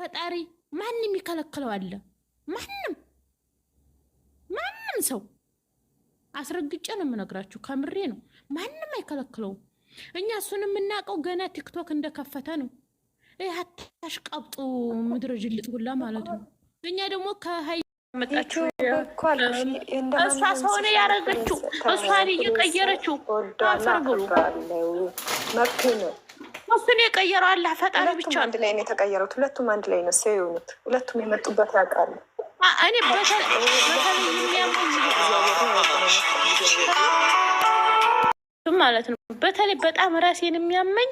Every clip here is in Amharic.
ፈጣሪ ማንም ይከለክለው አለ። ማንም ማንም ሰው አስረግጬ ነው የምነግራችሁ፣ ከምሬ ነው። ማንም አይከለክለውም። እኛ እሱን የምናውቀው ገና ቲክቶክ እንደከፈተ ነው። ይህ አታሽ ቀብጡ ምድረ ጅልጥ ሁላ ማለት ነው። እኛ ደግሞ ከሀይ ሰሆነ ያረገችው እሷን እየቀየረችው አፈር ብሎ መብት ነው። እሱን የቀየረው አላህ ፈጣሪ ብቻ አንድ ላይ ነው የተቀየሩት። ሁለቱም አንድ ላይ ነው ሰው የሆኑት። ሁለቱም የመጡበት ያውቃሉ። እኔ በተለይ ማለት ነው በተለይ በጣም ራሴን የሚያመኝ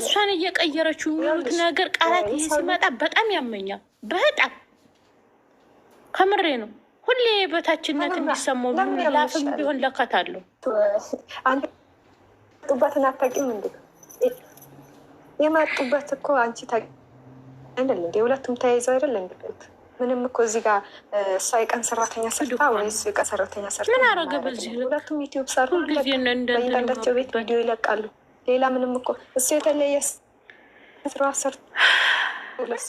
እሷን እየቀየረችው የሚሉት ነገር ቃላት ይሄ ሲመጣ በጣም ያመኛል። በጣም ከምሬ ነው። ሁሌ በታችነት የሚሰማው ላፍም ቢሆን ለከታለሁ። አንድ ጡበትን አታውቂም እንዴ? የመጡበት እኮ አንቺ አይደል እንዴ? ሁለቱም ተያይዘው አይደል እንዴ? ምንም እኮ እዚህ ጋር እሷ የቀን ሰራተኛ ሰርታ ወይስ የቀን ሰራተኛ ሰርታ ምን አረገ? በዚህ ሁለቱም ዩቲዩብ ሰሩ፣ በእያንዳንዳቸው ቤት ቪዲዮ ይለቃሉ። ሌላ ምንም እኮ እሱ የተለየ ስራ ሰርቶ ለሷ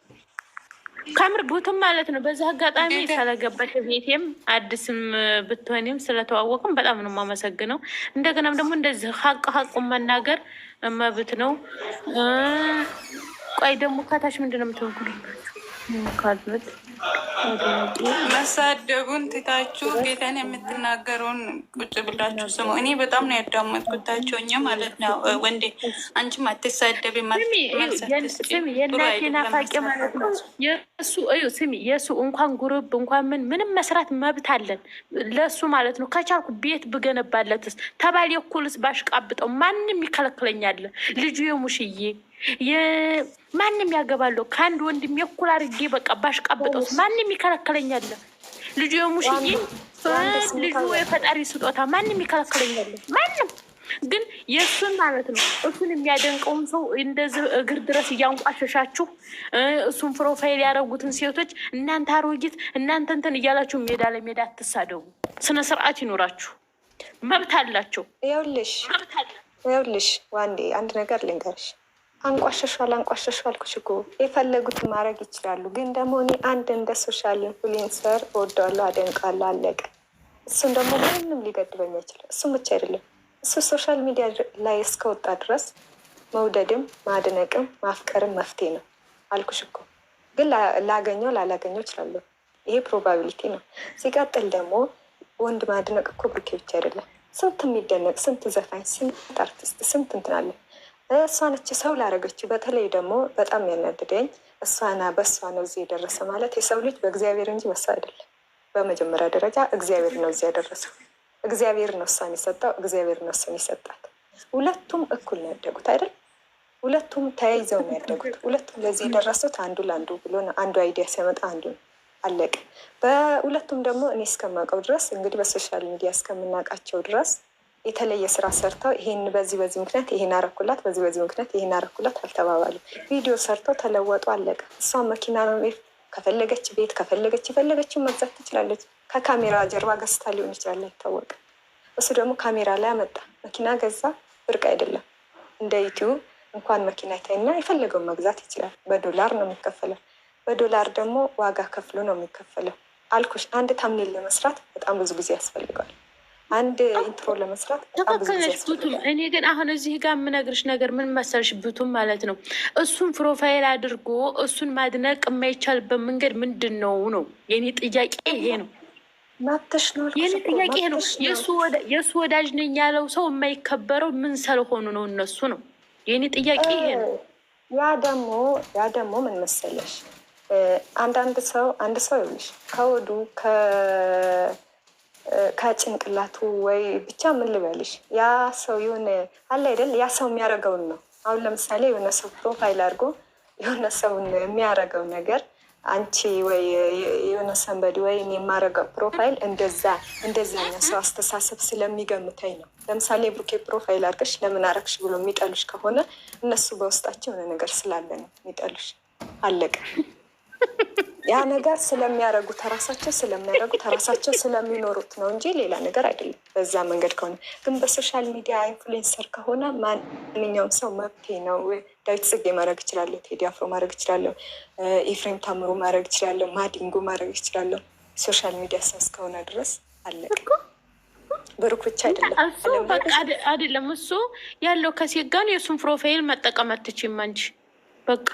ከምር ቡትም ማለት ነው። በዚህ አጋጣሚ ስለገባሽ ቤቴም አዲስም ብትሆኒም ስለተዋወቅም በጣም ነው የማመሰግነው። እንደገናም ደግሞ እንደዚህ ሀቅ ሀቁን መናገር መብት ነው። ቆይ ደግሞ ከታች ምንድን ነው የምትወጉልኝ? መሳደቡን ትታችሁ ጌታን የምትናገረውን ቁጭ ብላችሁ ስሙ። እኔ በጣም ነው ያዳመጥኩት ታችሁኝ ማለት ነው። ወንዴ አንቺም አትሳደቢ ማለት ነው። የእሱ እዩ ስሚ፣ የእሱ እንኳን ጉርብ እንኳን ምን ምንም መስራት መብት አለን ለእሱ ማለት ነው። ከቻልኩ ቤት ብገነባለትስ ተባል የኩልስ ባሽቃብጠው ማንም ይከለክለኛለን ልጁ የሙሽዬ ማንም ያገባለሁ ከአንድ ወንድሜ እኩል አድርጌ በቃ ባሽቃብጠውስ ማንም ይከለከለኛል። ልጁ የሙሽዬ ልጁ የፈጣሪ ስጦታ ማንም ይከለከለኛል። ማንም ግን የእሱን ማለት ነው እሱን የሚያደንቀውን ሰው እንደዚህ እግር ድረስ እያንቋሸሻችሁ እሱን ፕሮፋይል ያደረጉትን ሴቶች እናንተ አሮጊት እናንተ እንትን እያላችሁ ሜዳ ለሜዳ አትሳደቡ። ስነ ስርዓት ይኖራችሁ። መብት አላቸው። ይኸውልሽ ይኸውልሽ፣ ዋንዴ አንድ ነገር ልንገርሽ አንቋሸሿል አንቋሸሿል አልኩሽ የፈለጉት የፈለጉትን ማድረግ ይችላሉ። ግን ደግሞ እኔ አንድ እንደ ሶሻል ኢንፍሉንሰር እወደዋለሁ፣ አደንቃለሁ። አለቀ። እሱም ደግሞ ምንም ሊገድበኝ አይችልም። እሱም ብቻ አይደለም እሱ ሶሻል ሚዲያ ላይ እስከወጣ ድረስ መውደድም ማድነቅም ማፍቀርም መፍትሄ ነው አልኩሽ እኮ። ግን ላገኘው ላላገኘው እችላለሁ። ይሄ ፕሮባቢሊቲ ነው። ሲቀጥል ደግሞ ወንድ ማድነቅ እኮ ብርኬ ብቻ አይደለም። ስንት የሚደነቅ ስንት ዘፋኝ፣ ስንት አርቲስት፣ ስንት እንትን እሷነች ሰው ላረገችው። በተለይ ደግሞ በጣም ያናድደኝ እሷና በእሷ ነው እዚህ የደረሰ ማለት የሰው ልጅ በእግዚአብሔር እንጂ በእሷ አይደለም። በመጀመሪያ ደረጃ እግዚአብሔር ነው እዚህ ያደረሰው። እግዚአብሔር ነው እሷን የሰጠው። እግዚአብሔር ነው እሱን የሰጣት። ሁለቱም እኩል ነው ያደጉት አይደል? ሁለቱም ተያይዘው ነው ያደጉት። ሁለቱም ለዚህ የደረሱት አንዱ ለአንዱ ብሎ ነው። አንዱ አይዲያ ሲያመጣ አንዱ ነው አለቅ። በሁለቱም ደግሞ እኔ እስከማውቀው ድረስ እንግዲህ በሶሻል ሚዲያ እስከምናውቃቸው ድረስ የተለየ ስራ ሰርተው ይሄን በዚህ በዚህ ምክንያት ይሄን አረኩላት፣ በዚህ በዚህ ምክንያት ይሄን አረኩላት አልተባባሉ ቪዲዮ ሰርተው ተለወጡ፣ አለቀ። እሷ መኪና ነው ከፈለገች ቤት ከፈለገች የፈለገችን መግዛት ትችላለች። ከካሜራ ጀርባ ገዝታ ሊሆን ይችላል፣ አይታወቅም። እሱ ደግሞ ካሜራ ላይ አመጣ፣ መኪና ገዛ፣ ብርቅ አይደለም። እንደ ዩቲዩብ እንኳን መኪና ይታይና የፈለገውን መግዛት ይችላል። በዶላር ነው የሚከፈለው። በዶላር ደግሞ ዋጋ ከፍሎ ነው የሚከፈለው። አልኩሽ አንድ ታምኔል ለመስራት በጣም ብዙ ጊዜ ያስፈልገዋል። አንድ ኢንትሮ ለመስራት ተከከለሽ ብቱም። እኔ ግን አሁን እዚህ ጋር የምነግርሽ ነገር ምን መሰልሽ ብቱም ማለት ነው እሱን ፕሮፋይል አድርጎ እሱን ማድነቅ የማይቻልበት መንገድ ምንድን ነው ነው የኔ ጥያቄ ይሄ ነው። የኔ ጥያቄ ነው። የእሱ ወዳጅ ነኝ ያለው ሰው የማይከበረው ምን ስለሆኑ ነው እነሱ ነው የኔ ጥያቄ ይሄ ነው። ያ ደግሞ ያ ደግሞ ምን መሰለሽ አንዳንድ ሰው አንድ ሰው ይኸውልሽ ከወዱ ከጭንቅላቱ ወይ ብቻ ምን ልበልሽ፣ ያ ሰው የሆነ አለ አይደል፣ ያ ሰው የሚያደርገውን ነው። አሁን ለምሳሌ የሆነ ሰው ፕሮፋይል አድርጎ የሆነ ሰውን የሚያደርገው ነገር አንቺ ወይ የሆነ ሰንበዲ ወይ የማረገው ፕሮፋይል እንደዛ እንደዛኛ ሰው አስተሳሰብ ስለሚገምተኝ ነው። ለምሳሌ ብሩኬ ፕሮፋይል አድርገሽ ለምን አረግሽ ብሎ የሚጠሉሽ ከሆነ እነሱ በውስጣቸው የሆነ ነገር ስላለ ነው የሚጠሉሽ። አለቀ። ያ ነገር ስለሚያደረጉ ራሳቸው ስለሚያደረጉ ራሳቸው ስለሚኖሩት ነው እንጂ ሌላ ነገር አይደለም። በዛ መንገድ ከሆነ ግን በሶሻል ሚዲያ ኢንፍሉዌንሰር ከሆነ ማንኛውም ሰው መብቴ ነው። ዳዊት ጽጌ ማድረግ እችላለሁ፣ ቴዲ አፍሮ ማድረግ እችላለሁ፣ ኤፍሬም ታምሩ ማድረግ እችላለሁ፣ ማዲንጎ ማድረግ እችላለሁ። ሶሻል ሚዲያ ሰው እስከሆነ ድረስ አለቀ። ብሩክ ብቻ አይደለም አይደለም እሱ ያለው ከሴት ጋር የእሱን ፕሮፋይል መጠቀም አትችም አንቺ በቃ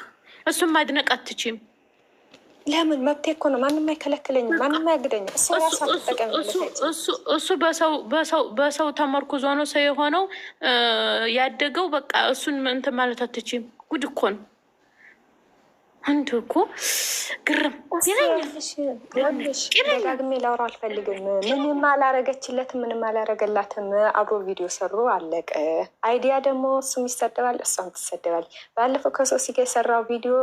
እሱን ማድነቅ አትችም። ለምን መብቴ እኮ ነው። ማንም አይከለክለኝ፣ ማንም አያግደኝ። እሱ በሰው ተመርኩዞ ነው ሰው የሆነው ያደገው። በቃ እሱን እንትን ማለት አትችም። ጉድ እኮ ነው። አንዱ እኮ ግርም ደጋግሜ ላወራ አልፈልግም። ምንም አላረገችለት፣ ምንም አላረገላትም። አብሮ ቪዲዮ ሰሩ፣ አለቀ። አይዲያ ደግሞ እሱም ይሰደባል፣ እሷም ትሰደባል። ባለፈው ከሶሲ ጋር የሰራው ቪዲዮ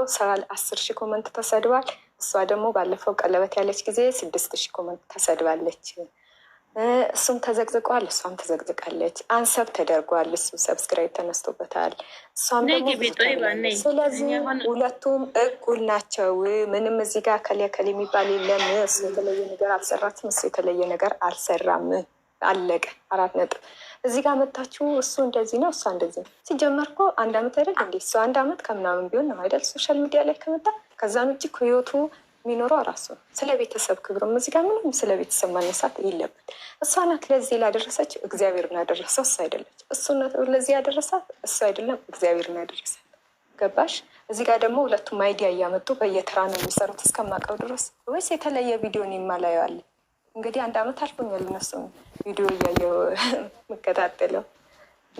አስር ሺህ ኮመንት ተሰድባል እሷ ደግሞ ባለፈው ቀለበት ያለች ጊዜ ስድስት ሺህ ኮመንት ተሰድባለች። እሱም ተዘግዝቋል፣ እሷም ተዘግዝቃለች። አንሰብ ተደርጓል፣ እሱም ሰብስክራይብ ተነስቶበታል፣ እሷም ደግሞ። ስለዚህ ሁለቱም እኩል ናቸው። ምንም እዚህ ጋር ከሌ ከሌ የሚባል የለም። እሱ የተለየ ነገር አልሰራትም፣ እሱ የተለየ ነገር አልሰራም። አለቀ፣ አራት ነጥብ። እዚህ ጋር መታችሁ፣ እሱ እንደዚህ ነው፣ እሷ እንደዚህ ነው። ሲጀመር እኮ አንድ አመት አይደል እንዴ? እሱ አንድ አመት ከምናምን ቢሆን ነው አይደል ሶሻል ሚዲያ ላይ ከመጣ ከዛን ውጭ ህይወቱ የሚኖረው እራሱ ስለ ቤተሰብ ክብር እዚህ ጋር ምንም ስለ ቤተሰብ ማነሳት የለበት። እሷ ናት ለዚህ ላደረሰች እግዚአብሔር ያደረሰው እሱ አይደለች። እሱ ለዚህ ያደረሳት እሱ አይደለም እግዚአብሔር ያደረሳት። ገባሽ? እዚህ ጋር ደግሞ ሁለቱም አይዲያ እያመጡ በየተራ ነው የሚሰሩት እስከማቀው ድረስ ወይስ የተለየ ቪዲዮ ነው ላየዋለሁ። እንግዲህ አንድ አመት አልፎኛል እነሱም ቪዲዮ እያየው የምከታተለው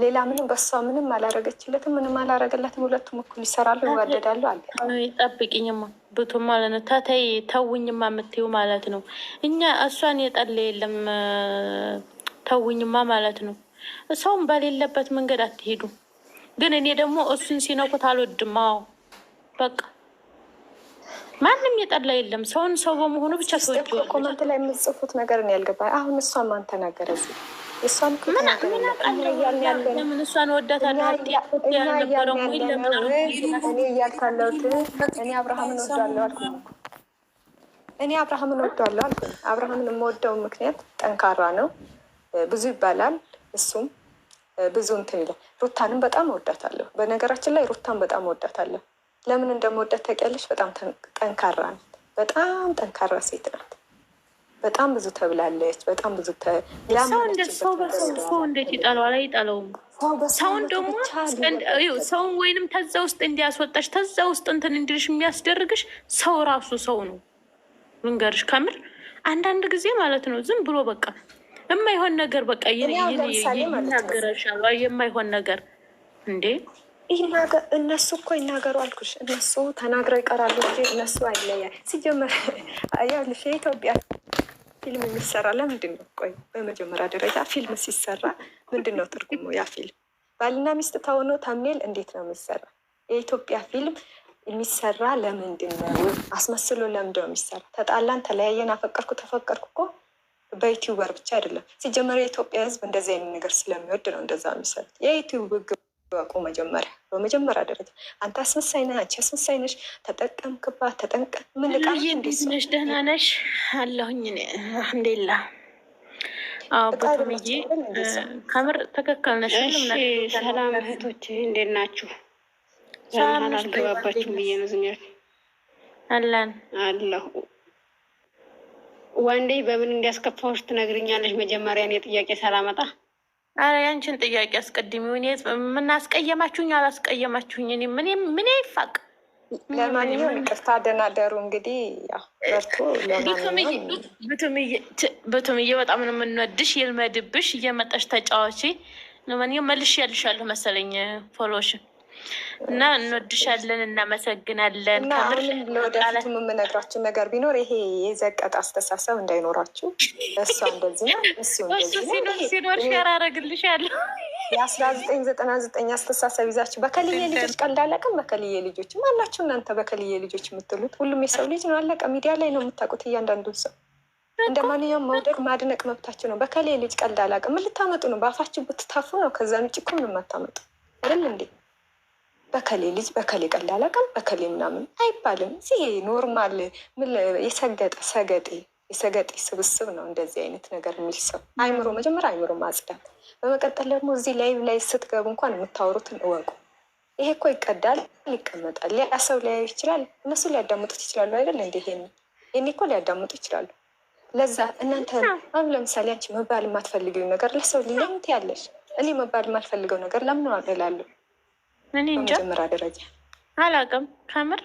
ሌላ ምንም በሷ ምንም አላረገችለትም፣ ምንም አላረገላትም። ሁለቱም እኩል ይሰራሉ፣ ይዋደዳሉ። አለ ይጠብቅኝማ ብቱ ማለት ነው። ታተይ ተውኝማ የምትይው ማለት ነው። እኛ እሷን የጠለ የለም ተውኝማ ማለት ነው። ሰውም በሌለበት መንገድ አትሄዱ። ግን እኔ ደግሞ እሱን ሲነኩት አልወድም። አዎ በቃ ማንም የጠላ የለም። ሰውን ሰው በመሆኑ ብቻ ሰዎች ኮመንት ላይ የምጽፉት ነገር ያልገባ አሁን እሷ ማን ተናገረ እሷን ምን ለምን እሷን ወዳታለሁ ያልነበረው እኔ እያልካለሁት እኔ አብርሃምን ወዳለሁ አልኩ። እኔ አብርሃምን ወዳለሁ አልኩ። አብርሃምን የምወደው ምክንያት ጠንካራ ነው፣ ብዙ ይባላል፣ እሱም ብዙ እንትን ይላል። ሩታንም በጣም ወዳታለሁ። በነገራችን ላይ ሩታን በጣም ወዳታለሁ። ለምን እንደምወዳት ታውቂያለሽ? በጣም ጠንካራ ናት። በጣም ጠንካራ ሴት ናት። በጣም ብዙ ተብላለች። በጣም ብዙ ሰው በሰው እንዴት ይጠለዋል? አይጠለውም። ሰውን ደግሞ ሰውን ወይንም ተዛ ውስጥ እንዲያስወጣሽ ተዛ ውስጥ እንትን እንዲልሽ የሚያስደርግሽ ሰው ራሱ ሰው ነው። ልንገርሽ ከምር አንዳንድ ጊዜ ማለት ነው ዝም ብሎ በቃ የማይሆን ነገር በቃ ይናገረሻል። የማይሆን ነገር እንዴ እነሱ እኮ ይናገሩ አልኩሽ። እነሱ ተናግረው ይቀራሉ። እነሱ አይለያል ሲጀመር ያልሽ የኢትዮጵያ ፊልም የሚሰራ ለምንድን ነው? ቆይ በመጀመሪያ ደረጃ ፊልም ሲሰራ ምንድን ነው ትርጉሙ? ያ ፊልም ባልና ሚስት ተሆኖ ታምኔል እንዴት ነው የሚሰራ? የኢትዮጵያ ፊልም የሚሰራ ለምንድን ነው? አስመስሎ ለምንድነው ነው የሚሰራ? ተጣላን፣ ተለያየን፣ አፈቀርኩ፣ ተፈቀርኩ እኮ በዩቲዩበር ብቻ አይደለም። ሲጀመር የኢትዮጵያ ሕዝብ እንደዚህ አይነት ነገር ስለሚወድ ነው እንደዛ የሚሰሩት የዩቲዩብ እወቁ። መጀመሪያ በመጀመሪያ ደረጃ አንተ አስመሳይ ነህ፣ አንቺ አስመሳይ ነሽ። ተጠቀምክባት፣ ተጠንቀቅ። ምን ልቃልሽ? ነሽ? ደህና ነሽ? አለሁኝ እንዴላ አዎ በቶምዬ ከምር ትክክል ነሽ። ሰላም እህቶች፣ እንዴት ናችሁ? አልገባባችሁም ብዬ ነው ዝም ያልኩት። አለን አለሁ ዋንዴ በምን እንዲያስከፋዎች ትነግርኛለሽ። መጀመሪያ እኔ ጥያቄ ሳላመጣ አረ ያንቺን ጥያቄ አስቀድሚ። ምናስቀየማችሁኝ አላስቀየማችሁኝ እኔ ምን ምን ይፋቅ። ለማንኛውም ይቅርታ ደናደሩ። እንግዲህ ብቱምዬ በጣም ነው የምንወድሽ፣ ይልመድብሽ። እየመጣሽ ተጫዋች። ለማንኛውም መልሽ ያልሻለሁ መሰለኝ ፎሎሽን እና እንወድሻለን፣ እናመሰግናለን። ከምንም ለወደፊት የምነግራችሁ ነገር ቢኖር ይሄ የዘቀጥ አስተሳሰብ እንዳይኖራችሁ። እሷ እንደዚህ ነው እሱ ሲኖር ሲኖር ሸር አደርግልሻለሁ። የአስራ ዘጠኝ ዘጠና ዘጠኝ አስተሳሰብ ይዛችሁ በከልዬ ልጆች ቀልድ አለቀም። በከልዬ ልጆች ማናችሁ እናንተ በከልዬ ልጆች የምትሉት ሁሉም የሰው ልጅ ነው። አለቀ። ሚዲያ ላይ ነው የምታውቁት እያንዳንዱን ሰው እንደ ማንኛውም መውደቅ ማድነቅ መብታችሁ ነው። በከሌ ልጅ ቀልድ አላውቅም። ምን ልታመጡ ነው? በአፋችሁ ብትታፉ ነው። ከዛ ውጭ እኮ ምንም አታመጡ አይደል እንዴ? በከሌ ልጅ በከሌ ቀላል አቃል በከሌ ምናምን አይባልም። እዚህ ኖርማል የሰገጠ ሰገጤ የሰገጤ ስብስብ ነው። እንደዚህ አይነት ነገር የሚል ሰው አይምሮ መጀመር አይምሮ ማጽዳት፣ በመቀጠል ደግሞ እዚህ ላይ ላይ ስትገቡ እንኳን የምታወሩትን እወቁ። ይሄ እኮ ይቀዳል፣ ይቀመጣል፣ ያ ሰው ሊያዩ ይችላል። እነሱ ሊያዳምጡት ይችላሉ አይደል? እንደ ይሄን ይህን እኮ ሊያዳምጡ ይችላሉ። ለዛ እናንተ አሁን ለምሳሌ አንቺ መባል የማትፈልገው ነገር ለሰው ለምን ትያለሽ? እኔ መባል የማልፈልገው ነገር ለምን እላለሁ እኔ እንጃ ደረጃ አላውቅም። ከምር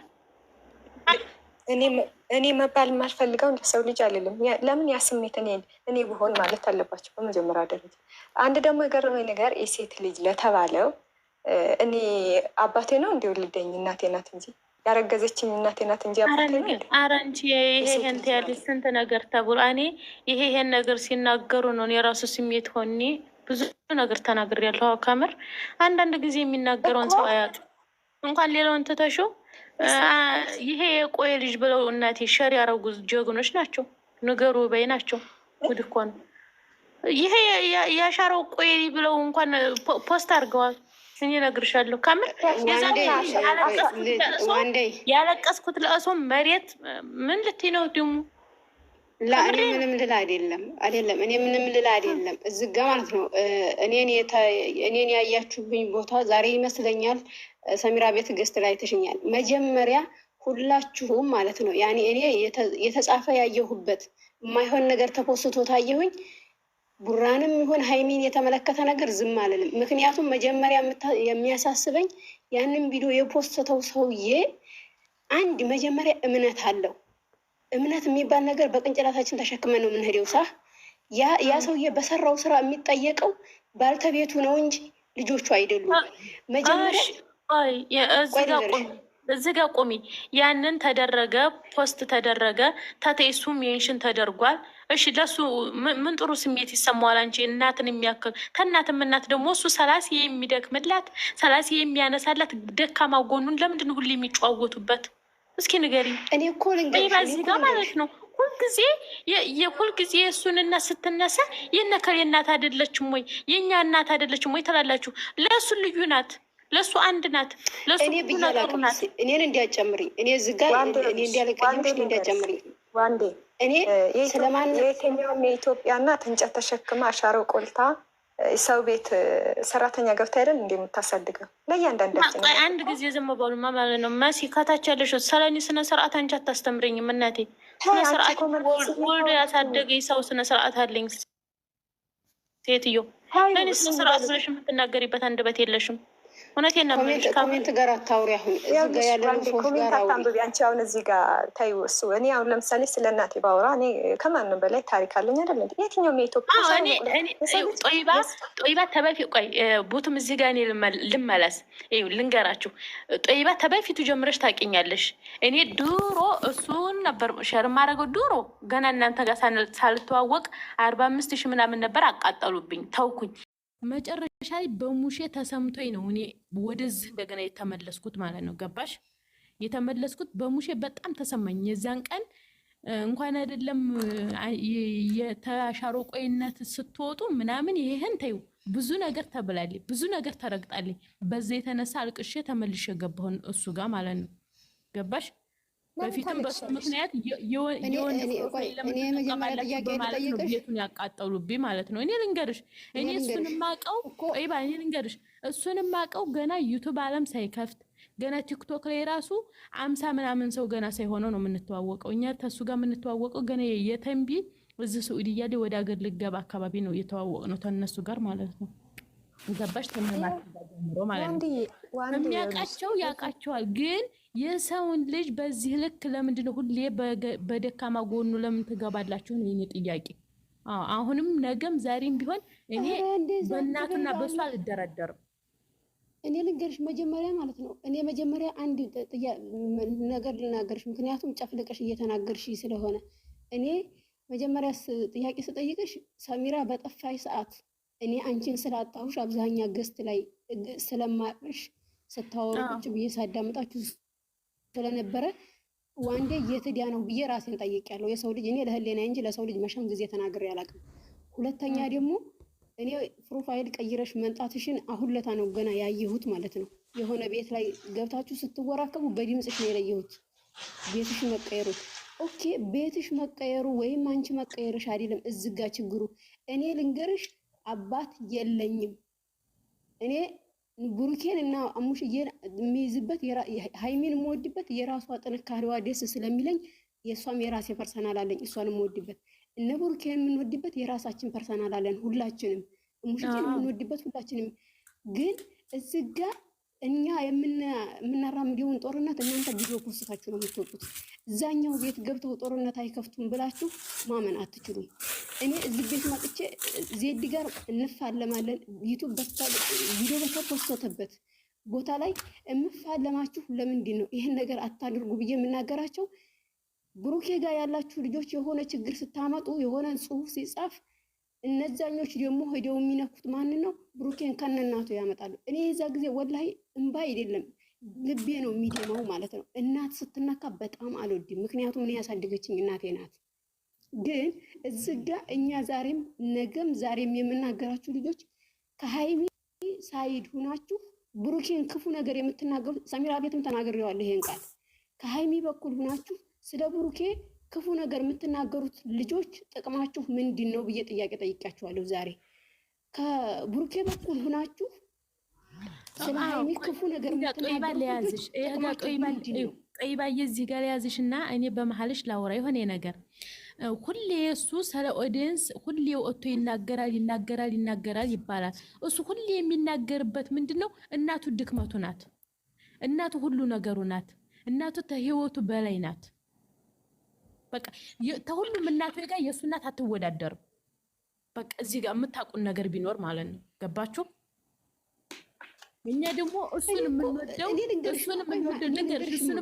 እኔ መባል የማልፈልገው እንደ ሰው ልጅ አልልም። ለምን ያ ስሜት እኔ እኔ ብሆን ማለት አለባቸው በመጀመሪያ ደረጃ። አንድ ደግሞ የገረመኝ ነገር የሴት ልጅ ለተባለው እኔ አባቴ ነው እንዲ እናቴ ናት እንጂ ያረገዘችኝ እናቴ ናት እንጂ ስንት ነገር ተብሎ እኔ ይሄ ይሄን ነገር ሲናገሩ ነው የራሱ ስሜት ሆኔ ብዙ ነገር ተናግር ያለው ከምር አንዳንድ ጊዜ የሚናገረውን ሰው አያጡ እንኳን ሌላውን ትተሹ ይሄ የቆየ ልጅ ብለው እናቴ ሸር ያረጉ ጀግኖች ናቸው። ንገሩ በይ ናቸው። ጉድ እኮ ነው ይሄ ያሻረው ቆይ ብለው እንኳን ፖስት አድርገዋል። እኔ እነግርሻለሁ ከምር ያለቀስኩት ለእሶ መሬት ምን ልትይ ነው ድሙ እኔ ምንም ልል አይደለም አይደለም እኔ ምንም ልል አይደለም። እዚህ ጋ ማለት ነው እኔን ያያችሁብኝ ቦታ ዛሬ ይመስለኛል ሰሚራ ቤት ገስት ላይ ተሽኛል። መጀመሪያ ሁላችሁም ማለት ነው ያኔ እኔ የተጻፈ ያየሁበት የማይሆን ነገር ተፖስቶ ታየሁኝ። ቡራንም ይሁን ሀይሚን የተመለከተ ነገር ዝም አልልም። ምክንያቱም መጀመሪያ የሚያሳስበኝ ያንን ቪዲዮ የፖስተተው ሰውዬ አንድ መጀመሪያ እምነት አለው እምነት የሚባል ነገር በቅንጭላታችን ተሸክመን ነው የምንሄደው። ሳ ያ ሰውዬ በሰራው ስራ የሚጠየቀው ባልተቤቱ ነው እንጂ ልጆቹ አይደሉም። መጀመሪያ እዚህ ጋ ቆሚ። ያንን ተደረገ፣ ፖስት ተደረገ፣ ተቴሱ ሜንሽን ተደርጓል። እሺ ለሱ ምን ጥሩ ስሜት ይሰማዋል? አንቺ እናትን የሚያክል ከእናትም እናት ደግሞ እሱ ሰላሴ የሚደክምላት ሰላሴ የሚያነሳላት ደካማ ጎኑን ለምንድን ሁሉ የሚጫወቱበት? እስኪ ንገሪኝ። እኔ እኮ በዚህ ጋር ማለት ነው ሁልጊዜ የሁልጊዜ የእሱን እናት ስትነሳ የነከሬ እናት አይደለችም ወይ የእኛ እናት አይደለችም ወይ ትላላችሁ። ለእሱ ልዩ ናት፣ ለእሱ አንድ ናት፣ ለእሱ ናት። እኔን እንዲያጨምሪኝ እኔ ዝጋ እኔ እንዲያለቀሽ ዋንዴ እኔ ስለማን የትኛውም የኢትዮጵያ እናት እንጨት ተሸክማ አሻሮ ቆልታ ሰው ቤት ሰራተኛ ገብታ አይደል እንደ የምታሳድገው ለእያንዳንዳችን። አንድ ጊዜ ዝም በሉማ ማለት ነው። መሲ ከታች ያለሽ ሰለኒ ስነ ስርዓት አንቺ አታስተምረኝም እናቴ። ስነ ስርዓት ወልዶ ያሳደገ ሰው ስነ ስርዓት አለኝ ሴትዮ። ለእኔ ስነ ስርዓት ብለሽ የምትናገሪበት አንድ በት የለሽም። እውነቴን ነው ኮሜንት ጋር አታውሪ። አሁን አንቺ። አሁን እዚህ ጋር ተይው። እሱ እኔ አሁን ለምሳሌ ስለ እናቴ ባወራ እኔ ከማንም በላይ ታሪክ አለኝ አይደለ? የትኛውም የኢትዮጵያ ጦይባ ተበፊት ቆይ ቡትም እዚህ ጋር እኔ ልመለስ ልንገራችሁ። ጦይባ ተበፊቱ ጀምረሽ ታውቂኛለሽ። እኔ ድሮ እሱን ነበር ሸር የማደርገው ድሮ ገና እናንተ ጋር ሳልተዋወቅ አርባ አምስት ሺህ ምናምን ነበር አቃጠሉብኝ፣ ተውኩኝ። መጨረሻ ላይ በሙሼ ተሰምቶኝ ነው እኔ ወደዚህ እንደገና የተመለስኩት ማለት ነው። ገባሽ? የተመለስኩት በሙሼ በጣም ተሰማኝ። የዛን ቀን እንኳን አይደለም የተሻሮ ቆይነት ስትወጡ ምናምን ይህን ተይው ብዙ ነገር ተብላለች፣ ብዙ ነገር ተረግጣለች። በዛ የተነሳ አልቅሼ ተመልሼ ገባሁን እሱ ጋር ማለት ነው። ገባሽ? በፊትም በሱ ምክንያት ማለት ነው ቤቱን ያቃጠሉብኝ ማለት ነው። እኔ ልንገርሽ እኔ እሱን ማቀው ይባ እኔ ልንገርሽ እሱን ማቀው ገና ዩቱብ አለም ሳይከፍት ገና ቲክቶክ ላይ ራሱ አምሳ ምናምን ሰው ገና ሳይሆነው ነው የምንተዋወቀው። እኛ ተሱ ጋር የምንተዋወቀው ገና የተንቢ እዚህ ስዑድ እያለ ወደ ሀገር ልገባ አካባቢ ነው እየተዋወቅ ነው ተነሱ ጋር ማለት ነው። ገባሽ ተመማር ጀምሮ ማለት ነው። የሚያውቃቸው ያውቃቸዋል ግን የሰውን ልጅ በዚህ ልክ ለምንድን ነው ሁሌ በደካማ ጎኑ ለምን ትገባላችሁ? ነው የኔ ጥያቄ። አሁንም ነገም ዛሬም ቢሆን እኔ በእናቱና በእሱ አልደረደርም። እኔ ልንገርሽ መጀመሪያ ማለት ነው። እኔ መጀመሪያ አንድ ነገር ልናገርሽ፣ ምክንያቱም ጨፍልቀሽ እየተናገርሽ ስለሆነ እኔ መጀመሪያ ጥያቄ ስጠይቅሽ ሰሚራ በጠፋይ ሰዓት እኔ አንቺን ስላጣሁሽ አብዛኛ ገስት ላይ ስለማቅሽ ስታወሩ ቁጭ ብዬ ሳዳምጣችሁ ስለነበረ ዋንዴ የትዲያ ነው ብዬ ራሴን ያለው የሰው ልጅ እኔ ለህሌና እንጂ ለሰው ልጅ መሸም ጊዜ ተናግሬ አላውቅም። ሁለተኛ ደግሞ እኔ ፕሮፋይል ቀይረሽ መምጣትሽን አሁን ለታ ነው ገና ያየሁት ማለት ነው። የሆነ ቤት ላይ ገብታችሁ ስትወራከቡ በድምፅሽ ነው የለየሁት ቤትሽ መቀየሩ። ኦኬ ቤትሽ መቀየሩ ወይም አንቺ መቀየርሽ አይደለም እዝጋ ችግሩ። እኔ ልንገርሽ አባት የለኝም እኔ ብሩኬን እና አሙሽዬን የሚይዝበት ሀይሜን የምወድበት የራሷ ጥንካሬዋ ደስ ስለሚለኝ የእሷም የራሴ ፐርሰናል አለኝ፣ እሷን የምወድበት እነ ብሩኬን የምንወድበት የራሳችን ፐርሰናል አለን ሁላችንም፣ ሙሽዬን የምንወድበት ሁላችንም። ግን እዚህ ጋ እኛ የምናራምደውን ጦርነት እናንተ ብዙ ኮስታችሁ ነው የምትወጡት። እዛኛው ቤት ገብተው ጦርነት አይከፍቱም ብላችሁ ማመን አትችሉም። እኔ እዚህ ቤት መጥቼ ዜድ ጋር እንፋለማለን። ዩቱብ ቪዲዮ በተፖስተበት ቦታ ላይ የምፋለማችሁ ለምንድን ነው? ይህን ነገር አታድርጉ ብዬ የምናገራቸው ብሩኬ ጋር ያላችሁ ልጆች የሆነ ችግር ስታመጡ የሆነ ጽሁፍ ሲጻፍ እነዛኞች ደግሞ ሄደው የሚነኩት ማን ነው? ብሩኬን ከነእናቱ ያመጣሉ። እኔ የዛ ጊዜ ወላሂ እምባ አይደለም ልቤ ነው የሚደማው ማለት ነው። እናት ስትነካ በጣም አልወድም። ምክንያቱም እኔ ያሳደገችኝ እናቴ ናት። ግን እዚህ ጋ እኛ ዛሬም ነገም ዛሬም የምናገራችሁ ልጆች ከሀይሚ ሳይድ ሁናችሁ ብሩኬን ክፉ ነገር የምትናገሩ ሰሚራ ቤትም ተናግሬዋለሁ ይሄን ቃል ከሀይሚ በኩል ሁናችሁ ስለ ብሩኬ ክፉ ነገር የምትናገሩት ልጆች ጥቅማችሁ ምንድን ነው ብዬ ጥያቄ ጠይቂያችኋለሁ። ዛሬ ከብሩኬ በኩል ሁናችሁ ስለ ሀይሚ ክፉ ነገር የምትናገሩት ጥቅማችሁ ምንድን ጠይባ የዚህ ጋር ያዝሽ እና እኔ በመሀልሽ ላውራ የሆነ ነገር ሁሌ እሱ ስለ ኦዲየንስ ሁሌ ወጥቶ ይናገራል ይናገራል ይናገራል ይባላል። እሱ ሁሌ የሚናገርበት ምንድን ነው? እናቱ ድክመቱ ናት። እናቱ ሁሉ ነገሩ ናት። እናቱ ከህይወቱ በላይ ናት። በቃ ተሁሉም እናቱ ጋር የእሱ እናት አትወዳደርም። በቃ እዚህ ጋር የምታውቁን ነገር ቢኖር ማለት ነው። ገባችሁ? እኛ ደግሞ እሱን የምንወደው እሱን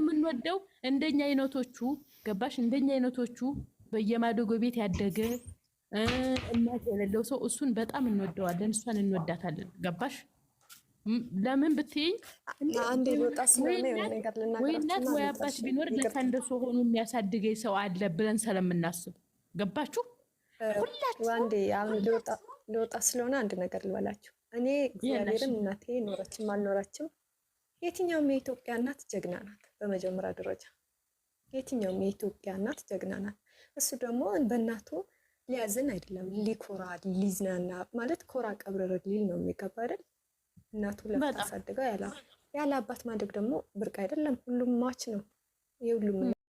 የምንወደው እንደኛ አይነቶቹ ገባሽ? እንደኛ አይነቶቹ በየማደጎ ቤት ያደገ እናት የሌለው ሰው እሱን በጣም እንወደዋለን፣ እሷን እንወዳታለን። ገባሽ? ለምን ብትይኝ ወይ እናት ወይ አባት ቢኖር ለካ እንደሱ ሆኖ የሚያሳድገኝ ሰው አለ ብለን ስለምናስብ ገባችሁ? ሁላችሁ ስለሆነ አንድ ነገር ልበላችሁ። እኔ እግዚአብሔርም እናቴ ኖረችም አልኖረችም የትኛውም የኢትዮጵያ እናት ጀግና ናት። በመጀመሪያ ደረጃ የትኛውም የኢትዮጵያ እናት ጀግና ናት። እሱ ደግሞ በእናቱ ሊያዝን አይደለም ሊኮራ ሊዝናና ማለት ኮራ ቀብረር ሊል ነው የሚገባ አይደል? እናቱ ለታሳድገው ያለ አባት ማድረግ ደግሞ ብርቅ አይደለም። ሁሉም ማች ነው የሁሉም